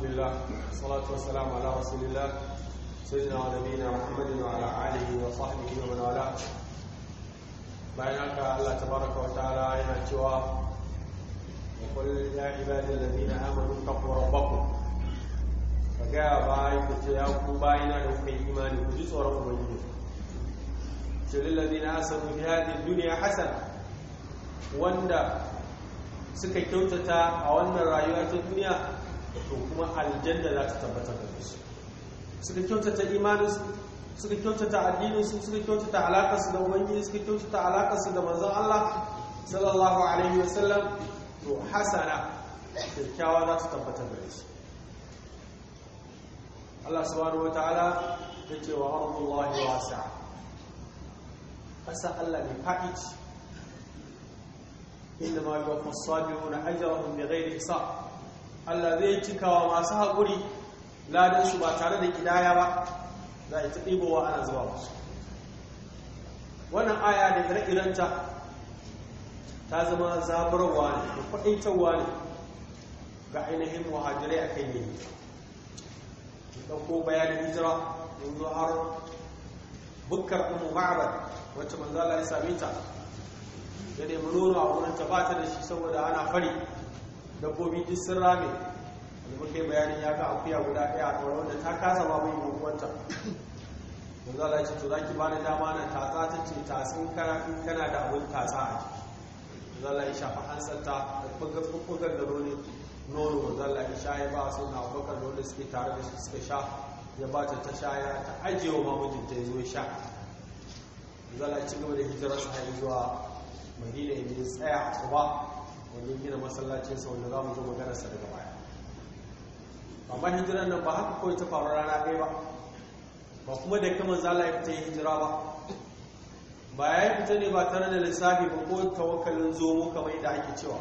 alhamdulillah salatu wassalamu ala rasulillah sayyidina wa nabiyina muhammadin wa ala alihi wa sahbihi wa man wala bayan haka Allah tabaraka wa ta'ala yana cewa wa qul ya ibadi alladhina amanu taqu rabbakum ku ce ya ku da kuka imani ku ji tsoron ubangiji ce asanu fi hadhihi dunya hasana wanda suka kyautata a wannan rayuwa ta duniya to kuma aljanna za ta tabbatar da su suka kyautata imaninsu suka kyautata addinin su, suka kyautata su da ubangiji suka kyautata su da manzon Allah sallallahu alaihi wasallam to hasana kyakkyawa za ta tabbatar da su Allah subhanahu wataala ya ce wa ardullahi wasi'a ƙasa Allah ne faɗi inda ma yuwaffa as-sabiruna ajrahum bighayri hisab Allah zai cika wa masu haƙuri ladinsu ba tare da ƙidaya ba za a yi ta ɗibowa ana zuwa ba. wannan aya da ire-irenta ta zama zaburarwa ne da kwaɗaitarwa ne ga ainihin muhajirai a kan yin da ɗauko bayanin hijira yanzu har bukkar ɗin ma'abar wacce manzala ya sami ta da nemi nono a wurin ta ba da shi saboda ana fari dabbobi duk sun rame da muke bayanin ya ka akuya guda ɗaya a ɗaura wanda ta kasa babu yin uwanta da za a ce to za ki bani dama na tatsa ta ce tatsin kana da abin tatsa a jiki za a shafa hansarta da fukukan da roni nono za a sha ya ba su na fukukan nono suke tare da shi suka sha ya ba ta ta sha ya ta ajiye wa mamajinta ya zo ya sha za a ci gaba da hijirar sa zuwa madina ya tsaya a tsuba wani gina masallacin sau wanda za mu zo sa daga baya amma hijiran nan ba haka kawai ta faru rana ɗaya ba ba kuma da kama zala ya fita hijira ba ba ya fita ne ba tare da lissafi ba ko tawakkalin zomo kamar yadda ake cewa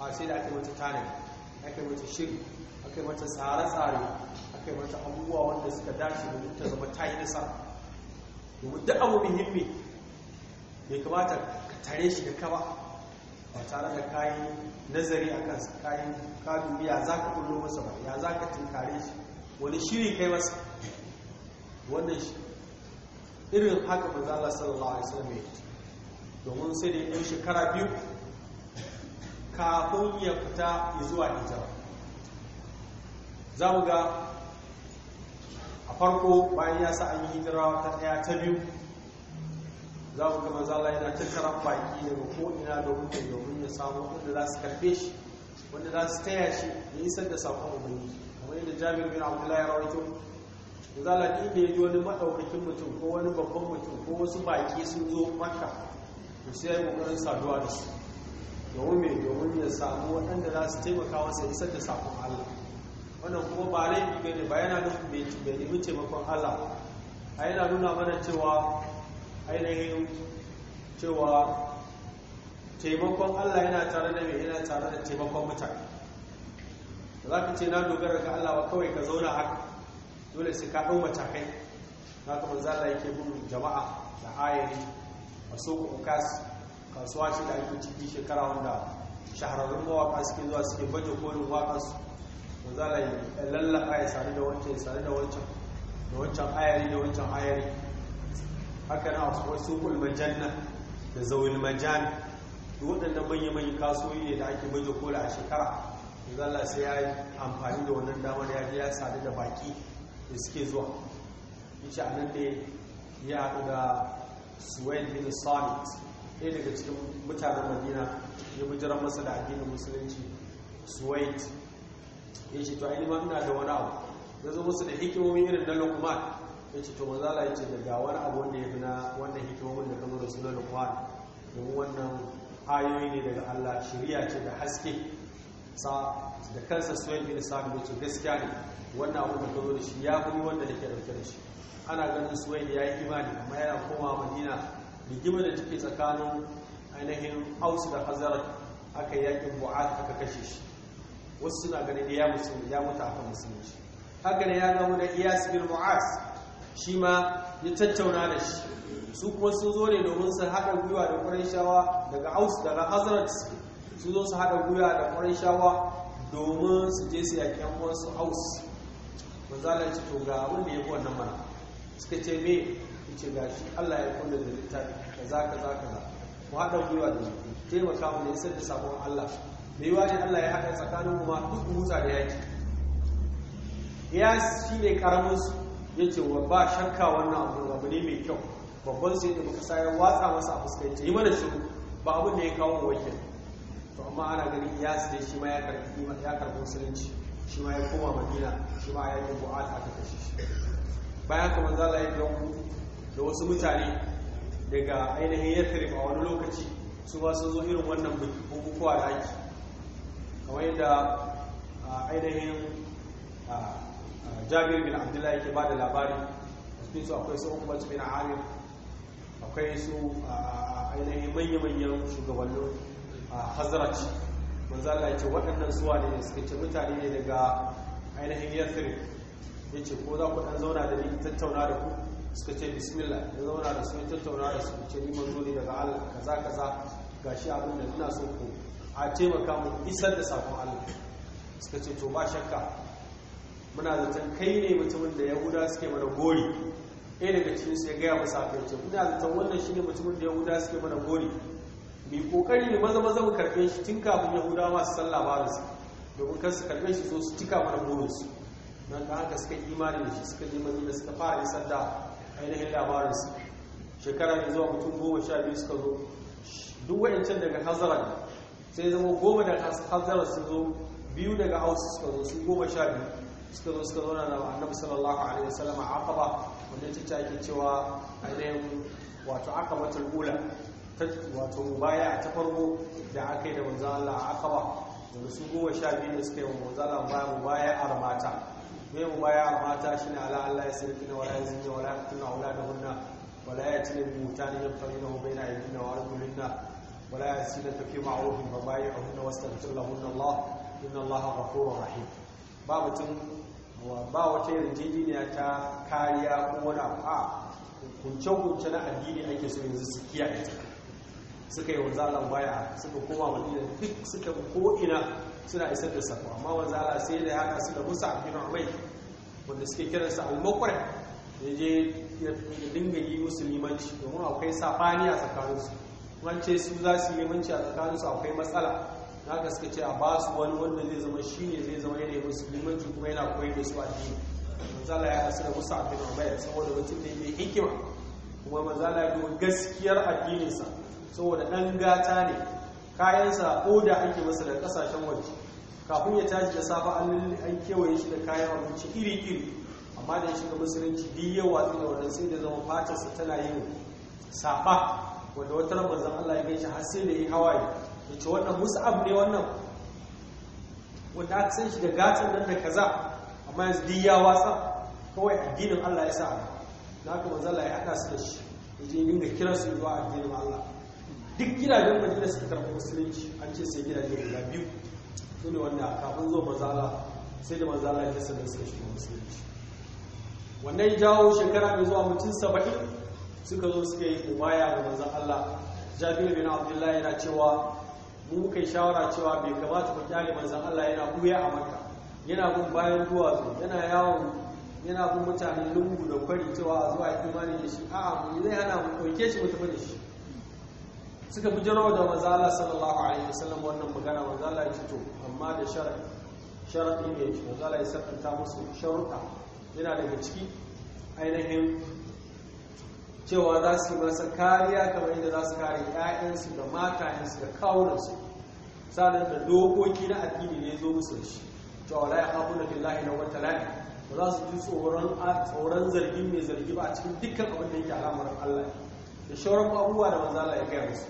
a sai da ake mata tanadi ake mata shiri ake mata tsare-tsare ake mata abubuwa wanda suka dace da ta zama ta yi nisa domin duk abu muhimmi bai kamata ka tare shi da kaba. ba tare da kayi nazari a kansa kayi ka dubi ya za ka kullo masa ba ya za ka tinkare shi wani shiri kai masa wannan shi irin haka ba za a lasar Allah a isa mai domin sai da yin shekara biyu kafin ya fita zuwa hijira za mu ga a farko bayan ya sa an yi hidarawa ta ɗaya ta biyu za ku ga manzala yana tattara baki daga ko'ina domin da domin ya samu wanda za su karfe shi wanda za su taya shi ya yi da sakon ubangiji kamar yadda jami'ar bin abdullahi ya rawaito manzala ɗin da ya ji wani maɗaukakin mutum ko wani babban mutum ko wasu baki sun zo maka to sai ya yi ƙoƙarin saduwa da su domin mai domin ya samu waɗanda za su taimaka wasu yi da sakon allah wannan kuma ba laifi ba ne ba yana nufin bai nemi taimakon allah a yana nuna mana cewa ainihin cewa taimakon Allah yana tare da mai yana tare da taimakon mutane da za ka ce na dogara ga Allah ba kawai ka zauna haka dole sai ka ɗau matakai na ka manzo Allah yake bin jama'a da ayari a soko kasuwa ce da ake ciki shekara wanda shahararrun mawaƙa suke zuwa suke baje kolin waƙansu manzo Allah ya lallaka ya sare da wancan ya sare da wancan da wancan ayari da wancan ayari haka na wasu kulmajanna da zaune majan duk waɗannan manya-manyan kasuwoyi ne da ake baje kola a shekara zala sai ya yi amfani da wannan damar ya je ya sadu da baki da suke zuwa ce a nan da ya haɗu da suwaid bin samit ɗaya daga cikin mutanen madina ya bujiran masa da addinin musulunci suwaid ya ce to ainihin ina da wani abu ya zo musu da hikimomi irin na lokuman ya ce to maza la ce daga wani abu wanda ya fi na wannan hikimomin da kamar rasulun kwan domin wannan ayoyi ne daga allah shirya ce da haske sa da kansa suwayin da sa'ad ya ce gaskiya ne wannan abu da da shi ya kuma wanda da ke dauke da shi ana ganin suwayin ya yi imani amma yana koma madina rigima da take tsakanin ainihin hausa da hazara aka yakin bu'ad aka kashe shi wasu suna ganin ya mutu ya mutu musulunci haka ne ya gamu da iya bin mu'az shi ma ya tattauna da shi su kuma sun zo ne domin su haɗa gwiwa da ƙwarishawa daga aus daga hazrat su zo su haɗa gwiwa da ƙwarishawa domin su je su yaƙi yan uwansu aus manzala ce to ga abin da ya fi wannan mana suka ce me ya ce ga shi allah ya kunna da littafi za ka za mu haɗa gwiwa da jiki taimaka mu ne isar da sabon allah mai yiwa ne allah ya haɗa tsakanin kuma duk mutane da yaƙi ya shi ne ƙaramin su ya ce wa ba shakka wannan abu abu ne mai kyau babban sai da muka sayar watsa masa a fuskar yi mana shiru ba abin da ya kawo wakil to amma ana ganin ya sai shi ma ya karɓi musulunci shi ma ya koma madina shi ma ya yi bu'ata ta kashe shi bayan kamar zala ya biyan da wasu mutane daga ainihin yathrib a wani lokaci su ba sun zo irin wannan bukukuwa da ake kamar yadda ainihin jabir bin abdullahi yake ba da labari cikin su akwai su umar bin amir akwai su ainihin manya-manyan shugabannin a hazarci manzala yake waɗannan zuwa ne da suke ce mutane ne daga ainihin yathrib ya ce ko za ku ɗan zauna da ni tattauna da ku suka ce bismillah ya zauna da su ya tattauna da su ce ni manzo ne daga Allah kaza kaza gashi abin da ina so ku a taimaka mu isar da sakon Allah suka ce to ba shakka muna zaton kai ne mutumin da yahuda suke mana gori ɗaya daga cikin ya gaya masa abin ce muna zaton wannan shine mutumin da yahuda suke mana gori mai kokari ne maza maza mu karɓe shi tun kafin yahuda masu san su? domin kan su karɓe shi so su cika mana burinsu don ta haka suka imani da shi suka je madina suka fara isar da ainihin labarinsu shekara mai zuwa mutum goma sha biyu suka zo duk wa'ancan daga hazaran sai zama goma daga hazara sun zo biyu daga hausa suka zo su goma sha biyu suka zo suka zauna da annabi sallallahu alaihi wasallam a aqaba wanda ta take cewa ainihin wato aqabatul ula wato mubaya ta farko da aka yi da manzon Allah aqaba wanda su goma sha biyu ne suka yi wa Allah mubaya a mata me mubaya mata shine ala Allah ya sirri na wala yazina wala yakuna auladahunna wala yatina bi wa Wa ba wata yarjejeniya ta kariya ko wani a kunce-kunce na addini ake so yanzu su kiyaye ita suka yi wanzalan baya suka koma madina duk suka ko'ina suna isar da sako amma wanzala sai da haka suka musa a fina mai wanda suke kiransa almakwar ya je ya dinga yi musulmanci domin akwai safaniya tsakaninsu su za su yi limanci a tsakaninsu akwai matsala Na gaske ce a ba su wani wanda zai zama shi ne zai zama yanayi musulmanci kuma yana koyar da su addini manzala ya hasu da musu abin umayya saboda mutum ne mai hikima kuma manzala ya duba gaskiyar addininsa saboda ɗan gata ne kayansa da ake masa da ƙasashen waje kafin ya tashi da safa an kewaye shi da kayan abinci iri-iri amma da ya shiga musulunci biyu yawa da wannan sai da zama fatarsa tana yin saɓa wanda wata zan Allah ya gaishe har sai da yi hawaye wace wannan Musa'ab ne wannan wanda aka san shi da gatsin nan da kaza amma yanzu duk ya wasa kawai addinin Allah ya sa na haka manzo Allah ya hada su da shi yaje da kiran su zuwa addinin Allah duk gidajen majalis suka karɓi musulunci an ce sai gidaje da biyu su ne wanda kafin zo manzo Allah sai da manzo Allah ya kasa da suka shiga musulunci wannan ya jawo shekara mai zuwa mutum saba'in suka zo suka yi umaya ga manzan Allah jabir bin abdullahi yana cewa mu muka yi shawara cewa bai kamata mu kyale manzon Allah yana buya a Makka yana gun bayan duwatsu yana yawon yana gun mutanen lungu da kwari cewa a zuwa imani da shi a'a mu zai hana mu ɗauke shi mu tafi da shi suka fi jarawa da manzon Allah sallallahu alaihi wasallam wannan magana manzon Allah ya ce to amma da sharadi sharadi ne manzon Allah ya sakanta musu sharuɗa yana daga ciki ainihin cewa za su yi masa kariya kamar yadda za su kare 'ya'yansu da matayensu da kawunansu sanar da dokoki na addini ne zo musu da shi cewa la ya na billahi na wata la'i ba za su ji tsoron zargin mai zargi ba a cikin dukkan abin da yake alamar allah da shawarar abubuwa da manzala ya gaya musu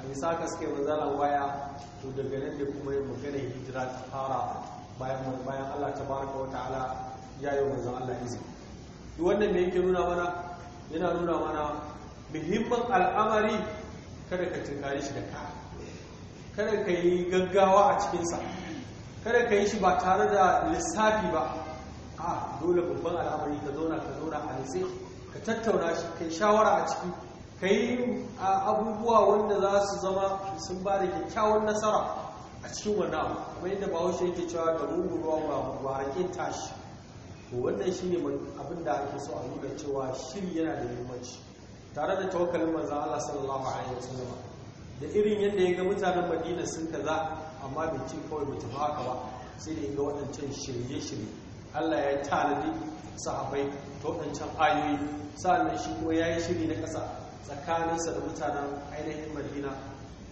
a misaka suke manzala waya to daga nan da kuma yin maganar hijira ta fara bayan allah ta baraka wata ala ya yi manzan allah izini wannan mai yake nuna mana yana nuna mana muhimman al'amari kada ka tunkari shi da ka kada ka yi gaggawa a cikinsa kada ka yi shi ba tare da lissafi ba a dole babban al'amari ka zauna ka zauna a nitsi ka tattauna shi ka yi shawara a ciki ka yi abubuwa wanda za su zama sun ba da kyakkyawan nasara a cikin wannan abu kamar yadda bahaushe yake cewa da rungurwa ba ba tashi to wannan shine abin da ake so a nuna cewa shiri yana da muhimmanci tare da tawakkalin manzon Allah sallallahu alaihi wasallam da irin yadda ya ga mutanen Madina sun kaza amma bai ci kawai bai tafi haka ba sai da ga waɗancan shirye-shirye Allah ya tanadi sahabai ta waɗancan ayoyi sa'annan shi ko ya yi shiri na ƙasa tsakaninsa da mutanen ainihin Madina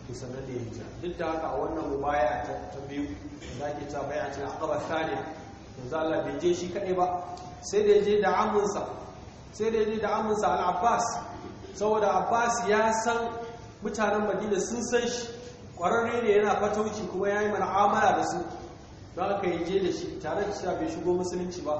ku sanar da ya duk da haka wannan mubaya ta biyu da ake ta bayyana a ƙabar manzo Allah bai je shi kadai ba sai da je da amunsa sai da je da amunsa al-Abbas saboda Abbas ya san mutanen Madina sun san shi ƙwararre ne yana fatauci kuma ya yi mu'amala da su don aka yi je da shi tare da cewa bai shigo musulunci ba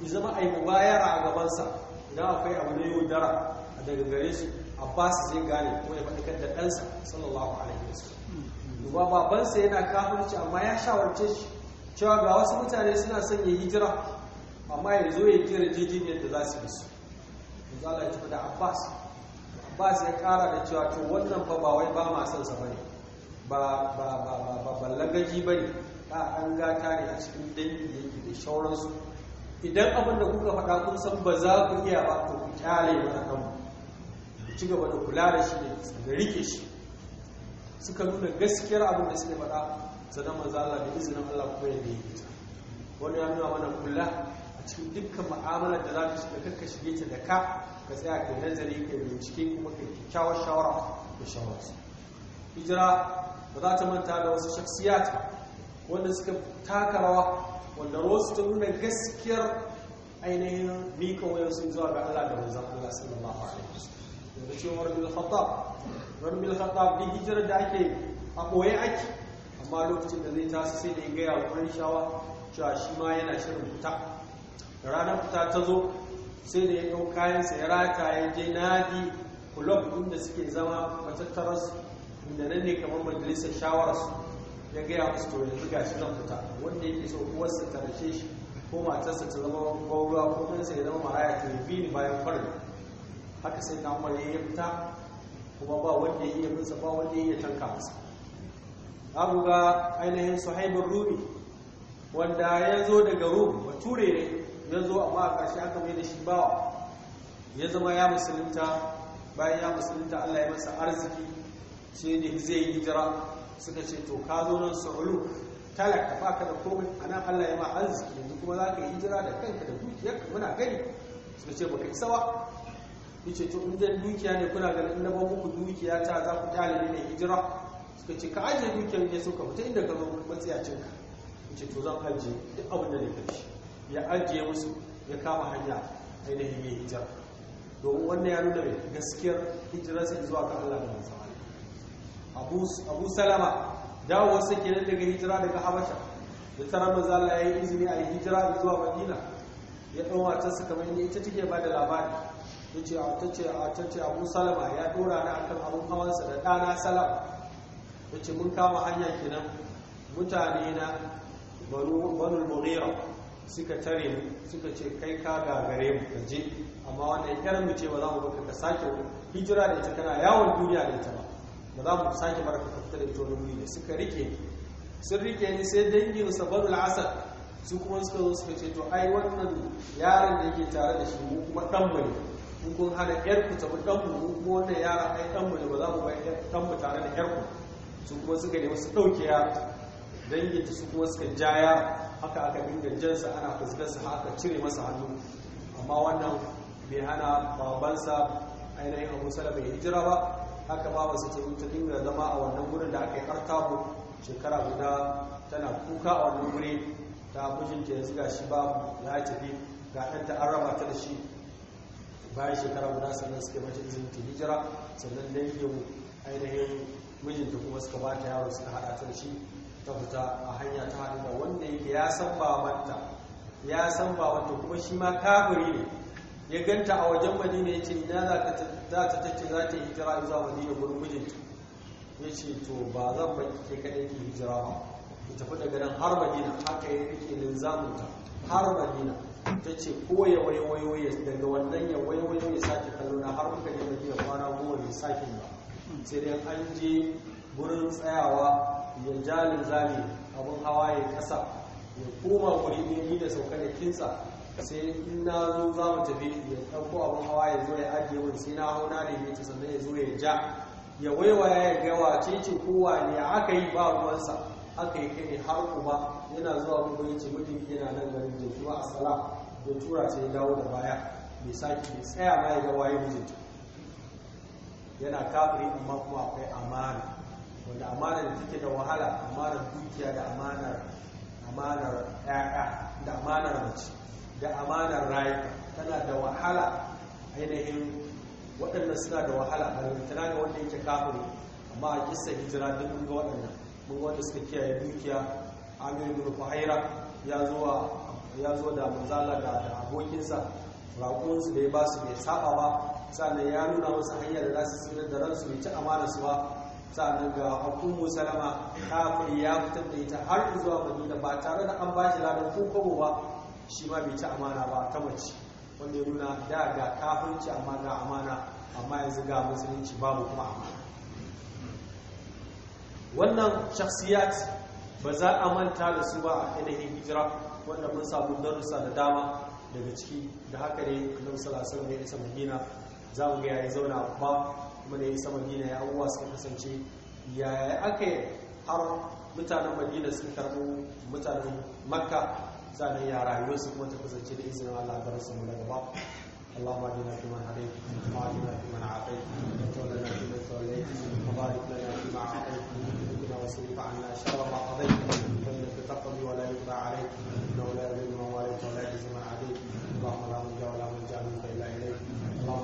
ya zama a yi mubayara a gabansa idan akwai abu na yau dara a daga gare su abbas zai gane kuma ya faɗi da ɗansa sallallahu alaihi wasallam duba babansa yana kafirci amma ya shawarce shi cewa ga wasu mutane suna son ya hijira amma ya zo ya kira jirgin yadda za su bisu zala ya tafi da abbas abbas ya kara da cewa to wannan fa ba wai ba ma son sa bane ba ba ba ba ba da an gata ne a cikin dangi yake da shauransu idan abin da kuka faɗa kun san ba za ku iya ba to ku kyale mata kanmu ku ci gaba da kula da shi da rike shi suka nuna gaskiyar abin da suke faɗa sannan manzo Allah da izinin Allah kuma ya yi ta wani ya nuna mana kula a cikin dukkan mu'amalar da za ka shiga kakka shige ta da ka ka tsaya kai nazari ka bincike kuma kai kyakkyawar shawara da shawara hijira ba za ta manta da wasu shaksiyata wanda suka taka rawa wanda wasu ta nuna gaskiyar ainihin mika wayan sun zuwa ga Allah da manzon Allah sallallahu alaihi wasallam da cewar bil khattab ran khattab bi hijira da ake a ɓoye ake amma lokacin da zai tasi sai da ya gaya wa wani shawa cewa shi ma yana shirin fita da ranar fita ta zo sai da ya ɗau kayansa ya rata ya je nadi kulob da suke zama su inda nan ne kamar majalisar shawararsu ya gaya musu to yanzu ga shi zan fita wanda yake so uwarsa ta rashe shi ko matarsa ta zama gwauruwa ko ɗansa ya zama maraya ta yi bini bayan farin haka sai na umar ya fita kuma ba wanda ya iya yabinsa ba wanda ya iya tanka masa abu ga ainihin suhaibin rumi wanda ya zo daga rum bature ne ya zo amma a ƙarshe aka mai da shi bawa ya zama ya musulunta bayan ya musulunta allah ya masa arziki shi ne zai yi hijira suka ce to ka zo nan sa'ulu talak ba baka da komai a nan allah ya ma arziki yanzu kuma za ka yi hijira da kanka da dukiyar ka muna gani suka ce baka isa ba yace to in dukiya ne kuna ganin na ba muku dukiya ta za ku dalili ne hijira suka ce ka ajiye dukiyar ne suka fita inda ka zo matsiyacin ka ce to zan ajiye duk abin da ne kashi ya ajiye musu ya kama hanya ainihin mai hijira domin wannan ya nuna mai gaskiyar hijirarsa zuwa ga Allah da mansa Abu Salama dawowar sa kenan daga hijira daga Habasha da tara manzo Allah ya yi izini a hijira zuwa Madina ya ɗan wata su kamar ne ita take ba da labari yace a tace a Abu Salama ya ɗora na akan abun hawansa da ɗana Salama ta ce mun kama hanya kenan mutane na banu mughira suka tare mu suka ce kai ka gagare mu ka je amma wanda ya mu ce ba za mu baka ka sake hijira da ita kana yawon duniya da ita ba ba za mu sake barka ka fita da ita wani da suka rike sun rike ni sai dangin sa banul asad su kuma suka zo suka ce to ai wannan yaron da yake tare da shi mu kuma dan mu ne kun hana yar ku tafi dan mu mu wannan yaron ai dan mu ne ba za mu bayar dan mu tare da yar ku su kuma suka nemi su ɗauke ya danginta su kuma suka jaya haka aka dinga jansa ana fuskarsa haka cire masa hannu amma wannan bai hana babansa ainihin abu salama ya hijira ba haka ba ce ta dinga zama a wannan gurin da aka yi artabu shekara guda tana kuka a wannan guri ta mijinta yanzu ga shi ba ya tafi ga ɗanta an raba ta da shi bayan shekara guda sannan suke mace izinin ta hijira sannan dangin ainihin mijinta kuma suka ba ta yaro suka hada ta shi ta fita a hanya ta haɗu da wanda yake ya san wata ya san kuma shi ma kafiri ne ya ganta a wajen madina ya ce ina za ta tace za ta hijira zuwa madina gurin mijinta ya ce to ba zan ba ke kaɗai ki hijira ba ki tafi daga nan har madina haka ya rike linzamunta har madina ta ce ko ya waiwayo daga wannan ya waiwayo ya sake kallo na har muka je madina kwana goma bai sake ba sai dai an je wurin tsayawa ya jalin zami abin hawa ya kasa ya koma kuri ne ni da sauka da kinsa sai in na zo za mu tafi ya ɗauko abin hawa ya zo ya ajiye mun sai na hau na da yi ta sannan ya zo ya ja ya waiwaya ya gawa ce ce kowa ne aka yi ba ruwansa aka yi kai har kuma yana zuwa kuma ya ce mutum yana nan garin jejuwa a sala da tura sai ya dawo da baya bai sake tsaya ba ya ga waye mijinta yana kafiri amma kuma akwai amana wanda amana da take da wahala amana dukiya da amanar amana ƴaƴa da amanar mace da amanar rayuka tana da wahala ainihin waɗannan suna da wahala a tana ga wanda yake kafiri amma a kisa hijira duk mun ga waɗannan mun wanda suka kiyaye dukiya amir ibn fahira ya zo ya zo da manzala da abokinsa raƙonsu da ya ba su bai saba ba sannan ya nuna wasu hanyar da za su da ransu mai ci amana su ba sannan ga hukumu salama kafin ya fitar da ita har zuwa madina ba tare da an bashi ranar ko kobo ba shi ma bai ci amana ba ta mace wanda ya nuna da ga kafirci amma ga amana amma yanzu ga musulunci babu kuma amana wannan shakhsiyat ba za a manta da su ba a ainihin hijira wanda mun samu darussa da dama daga ciki da haka ne annabi sallallahu alaihi wasallam ya isa madina za mu ga ya zauna ba kuma da ya sama madina ya abubuwa suka kasance yaya aka har mutanen madina sun karɓo mutanen makka zanen ya rayuwarsu kuma ta kasance da izinin allah da rasu mu daga ba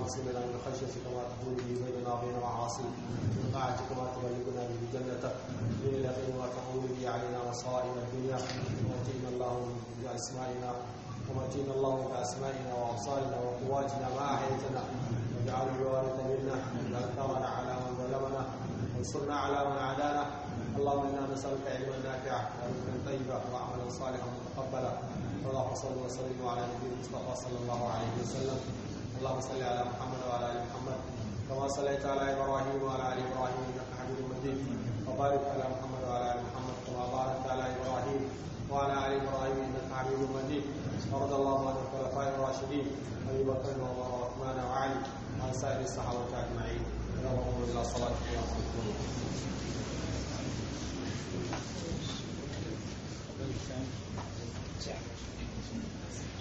اللهم اغسلنا من خشيتك ما تكون به بيننا وبين معاصيك من طاعتك ما تبلغنا به جنتك من اليقين ما تحول به علينا مصائب الدنيا واتينا اللهم باسمائنا ومتينا اللهم باسمائنا وابصارنا وقواتنا ما احييتنا واجعل الوارث منا واجعل على من ظلمنا وانصرنا على من عادانا اللهم انا نسالك علما نافعا ورزقا طيبا وعملا صالحا متقبلا اللهم صل وسلم على نبينا المصطفى صلى الله عليه وسلم اللهم صل على محمد وعلى ال محمد كما صليت على ابراهيم وعلى ال ابراهيم انك حميد مجيد وبارك على محمد وعلى ال محمد كما باركت على ابراهيم وعلى ال ابراهيم انك حميد مجيد ورضى الله عن الخلفاء الراشدين ابي بكر وعمر وعثمان وعلي وعن سائر الصحابه اجمعين اللهم الى صلاتك يا Thank you.